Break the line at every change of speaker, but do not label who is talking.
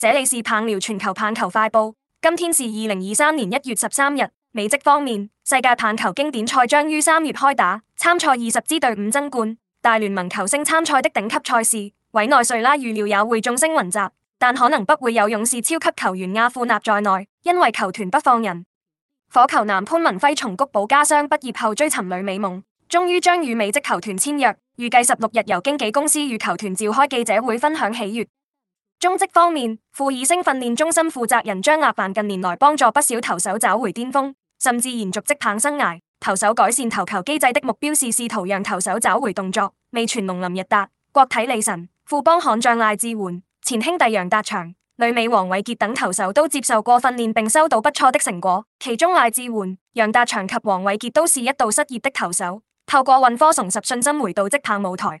這裡是棒聊全球棒球快報，今天是二零二三年一月十三日。美職方面，世界棒球經典賽將於三月開打，參賽二十支隊伍爭冠。大聯盟球星參賽的頂級賽事，委內瑞拉預料也會眾星雲集，但可能不會有勇士超級球員阿庫納在內，因為球團不放人。火球男潘文輝從谷保家商畢業,畢業後追尋旅美夢，終於將與美職球團簽約，預計十六日由經紀公司與球團召開記者會分享喜悦。中職方面，富二星訓練中心負責人張亞凡近年來幫助不少投手找回巔峰，甚至延續職棒生涯。投手改善投球機制的目標是試圖讓投手找回動作。未傳龍林日達、國體李神、富邦悍將賴志煥、前兄弟楊達祥、女美王偉傑等投手都接受過訓練並收到不錯的成果。其中賴志煥、楊達祥及王偉傑都是一度失業的投手，透過運科重拾信心，回到職棒舞台。